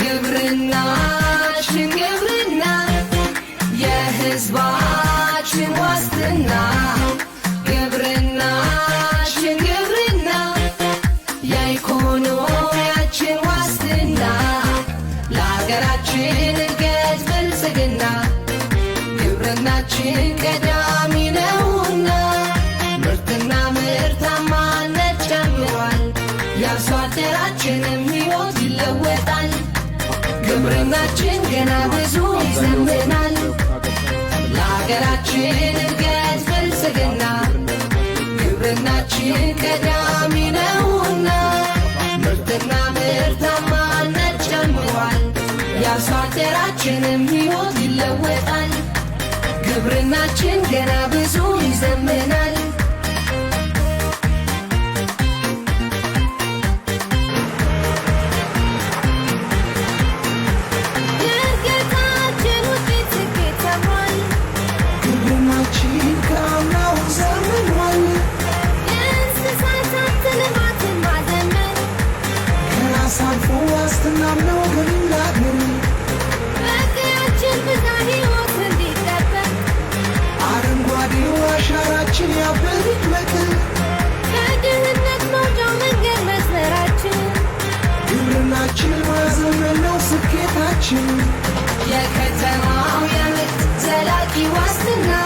ግብርናችን ግብርና የህዝባችን ዋስትና ግብርናችን ግብርና የኢኮኖሚያችን ዋስትና ለሀገራችን እድገት ብልጽግና ግብርናችን ቀዳሚ ነውና ምርትና ምርታማነት ጨምሯል የአርሶ አደራችን ዝማሬያችን ገና ብዙ ይዘምናል ለሀገራችን እድገት ብልጽግና ግብርናችን ቀዳሚ ነውና ምርትና ምርታማነት ጨምሯል። የአርሶ አደራችንም ሕይወት ይለወጣል። ግብርናችን ገና ሀገራችን ያብብ ይድመቅ። ከድህነት መውጫ መንገድ መስመራችን ግብርናችንን ማዘመን ነው ስኬታችን የከተማው የምርት ዘላቂ ዋስትና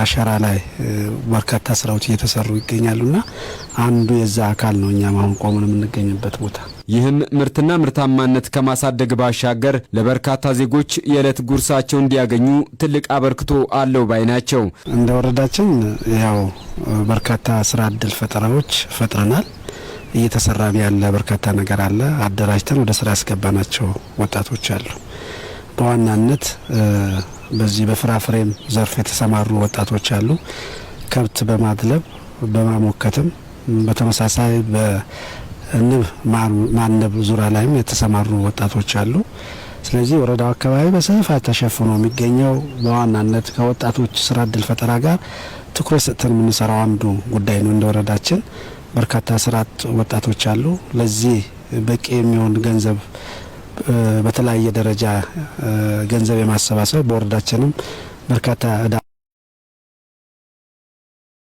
አሸራ ላይ በርካታ ስራዎች እየተሰሩ ይገኛሉና አንዱ የዛ አካል ነው እኛም አሁን ቆመን የምንገኝበት ቦታ። ይህም ምርትና ምርታማነት ከማሳደግ ባሻገር ለበርካታ ዜጎች የዕለት ጉርሳቸው እንዲያገኙ ትልቅ አበርክቶ አለው ባይ ናቸው። እንደ ወረዳችን ያው በርካታ ስራ እድል ፈጠራዎች ፈጥረናል። እየተሰራ ያለ በርካታ ነገር አለ። አደራጅተን ወደ ስራ ያስገባናቸው ወጣቶች አሉ። በዋናነት በዚህ በፍራፍሬም ዘርፍ የተሰማሩ ወጣቶች አሉ። ከብት በማድለብ በማሞከትም በተመሳሳይ በንብ ማነብ ዙሪያ ላይም የተሰማሩ ወጣቶች አሉ። ስለዚህ ወረዳው አካባቢ በስፋት ተሸፍኖ የሚገኘው በዋናነት ከወጣቶች ስራ እድል ፈጠራ ጋር ትኩረት ሰጥተን የምንሰራው አንዱ ጉዳይ ነው። እንደ ወረዳችን በርካታ ስራ አጥ ወጣቶች አሉ። ለዚህ በቂ የሚሆን ገንዘብ በተለያየ ደረጃ ገንዘብ የማሰባሰብ በወረዳችንም በርካታ